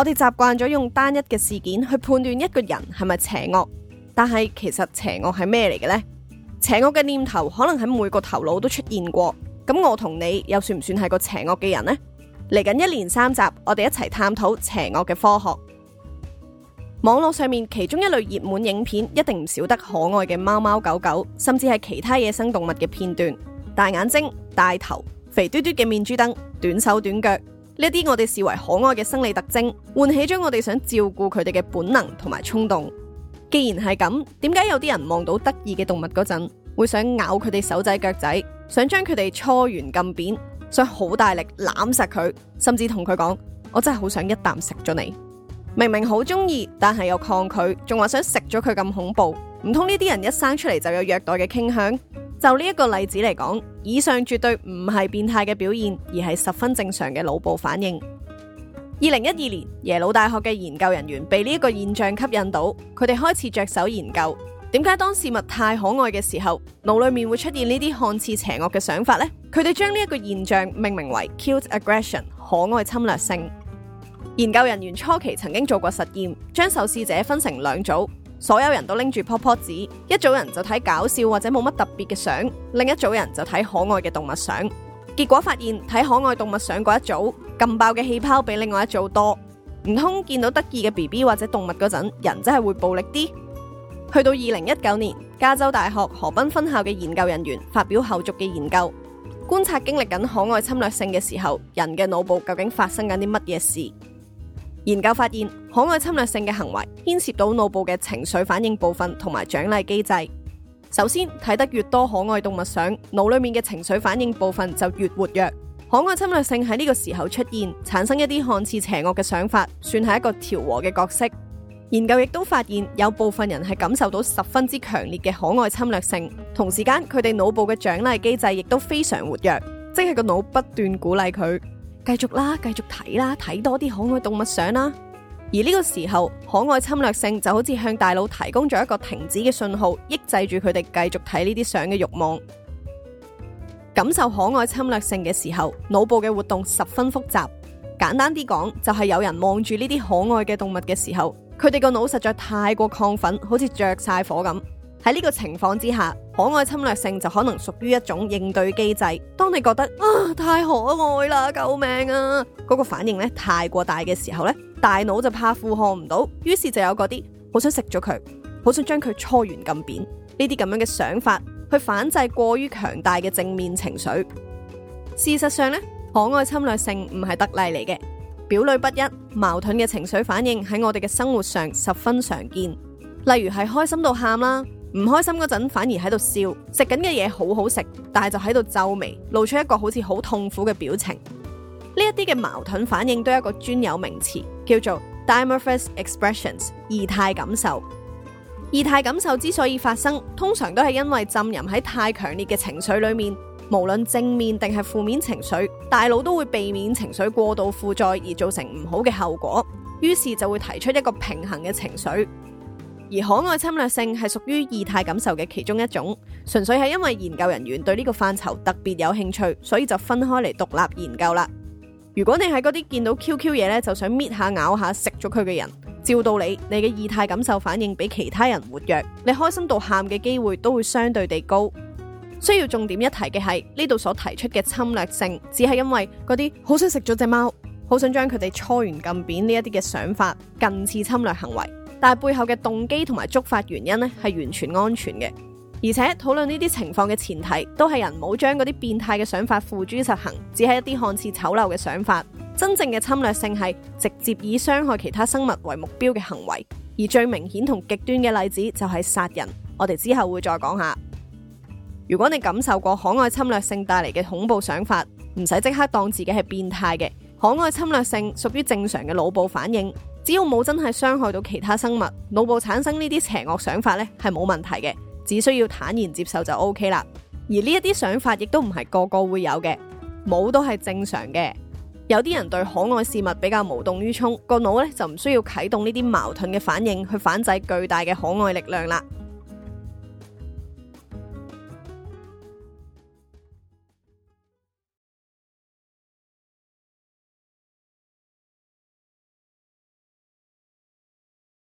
我哋習慣咗用單一嘅事件去判斷一個人係咪邪惡，但係其實邪惡係咩嚟嘅呢？邪惡嘅念頭可能喺每個頭腦都出現過。咁我同你又算唔算係個邪惡嘅人呢？嚟緊一連三集，我哋一齊探討邪惡嘅科學。網絡上面其中一類熱門影片，一定唔少得可愛嘅貓貓狗狗，甚至係其他野生動物嘅片段。大眼睛、大頭、肥嘟嘟嘅面珠墩、短手短腳。呢啲我哋視為可愛嘅生理特徵，喚起咗我哋想照顧佢哋嘅本能同埋衝動。既然係咁，點解有啲人望到得意嘅動物嗰陣，會想咬佢哋手仔腳仔，想將佢哋搓圓撳扁，想好大力攬實佢，甚至同佢講：我真係好想一啖食咗你。明明好中意，但係又抗拒，仲話想食咗佢咁恐怖。唔通呢啲人一生出嚟就有虐待嘅傾向？就呢一個例子嚟講，以上絕對唔係變態嘅表現，而係十分正常嘅腦部反應。二零一二年，耶魯大學嘅研究人員被呢一個現象吸引到，佢哋開始着手研究，點解當事物太可愛嘅時候，腦裏面會出現呢啲看似邪惡嘅想法呢？佢哋將呢一個現象命名為 cute aggression，可愛侵略性。研究人員初期曾經做過實驗，將受試者分成兩組。所有人都拎住 pop pop 紙，一組人就睇搞笑或者冇乜特別嘅相，另一組人就睇可愛嘅動物相。結果發現睇可愛動物相嗰一組，撳爆嘅氣泡比另外一組多。唔通見到得意嘅 BB 或者動物嗰陣，人真係會暴力啲？去到二零一九年，加州大學河濱分校嘅研究人員發表後續嘅研究，觀察經歷緊可愛侵略性嘅時候，人嘅腦部究竟發生緊啲乜嘢事？研究發現，可愛侵略性嘅行為牽涉到腦部嘅情緒反應部分同埋獎勵機制。首先，睇得越多可愛動物相，腦裏面嘅情緒反應部分就越活躍。可愛侵略性喺呢個時候出現，產生一啲看似邪惡嘅想法，算係一個調和嘅角色。研究亦都發現，有部分人係感受到十分之強烈嘅可愛侵略性，同時間佢哋腦部嘅獎勵機制亦都非常活躍，即係個腦不斷鼓勵佢。繼續啦，繼續睇啦，睇多啲可愛動物相啦。而呢個時候，可愛侵略性就好似向大腦提供咗一個停止嘅信號，抑制住佢哋繼續睇呢啲相嘅欲望。感受可愛侵略性嘅時候，腦部嘅活動十分複雜。簡單啲講，就係有人望住呢啲可愛嘅動物嘅時候，佢哋個腦實在太過亢奮，好似着晒火咁。喺呢個情況之下，可愛侵略性就可能屬於一種應對機制。當你覺得啊太可愛啦，救命啊！嗰、那個反應咧太過大嘅時候咧，大腦就怕負荷唔到，於是就有嗰啲好想食咗佢，好想將佢搓圓撳扁呢啲咁樣嘅想法去反制過於強大嘅正面情緒。事實上咧，可愛侵略性唔係特例嚟嘅，表裏不一、矛盾嘅情緒反應喺我哋嘅生活上十分常見，例如係開心到喊啦。唔開心嗰陣反而喺度笑，食緊嘅嘢，好好食，但係就喺度皺眉，露出一個好似好痛苦嘅表情。呢一啲嘅矛盾反應都係一個專有名詞，叫做 dimorphous expressions。異態感受，異態感受之所以發生，通常都係因為浸淫喺太強烈嘅情緒裏面，無論正面定係負面情緒，大腦都會避免情緒過度負載而造成唔好嘅後果，於是就會提出一個平衡嘅情緒。而可愛侵略性係屬於異態感受嘅其中一種，純粹係因為研究人員對呢個範疇特別有興趣，所以就分開嚟獨立研究啦。如果你係嗰啲見到 QQ 嘢咧就想搣下咬下食咗佢嘅人，照道理你嘅異態感受反應比其他人活躍，你開心到喊嘅機會都會相對地高。需要重點一提嘅係呢度所提出嘅侵略性，只係因為嗰啲好想食咗隻貓，好想將佢哋搓完撳扁呢一啲嘅想法近似侵略行為。但係背後嘅動機同埋觸發原因咧，係完全安全嘅。而且討論呢啲情況嘅前提，都係人冇將嗰啲變態嘅想法付諸實行，只係一啲看似醜陋嘅想法。真正嘅侵略性係直接以傷害其他生物為目標嘅行為，而最明顯同極端嘅例子就係殺人。我哋之後會再講下。如果你感受過可愛侵略性帶嚟嘅恐怖想法，唔使即刻當自己係變態嘅。可愛侵略性屬於正常嘅腦部反應。只要冇真係傷害到其他生物，腦部產生呢啲邪惡想法咧，係冇問題嘅，只需要坦然接受就 OK 啦。而呢一啲想法亦都唔係個個會有嘅，冇都係正常嘅。有啲人對可愛事物比較無動於衷，個腦咧就唔需要啟動呢啲矛盾嘅反應去反制巨大嘅可愛力量啦。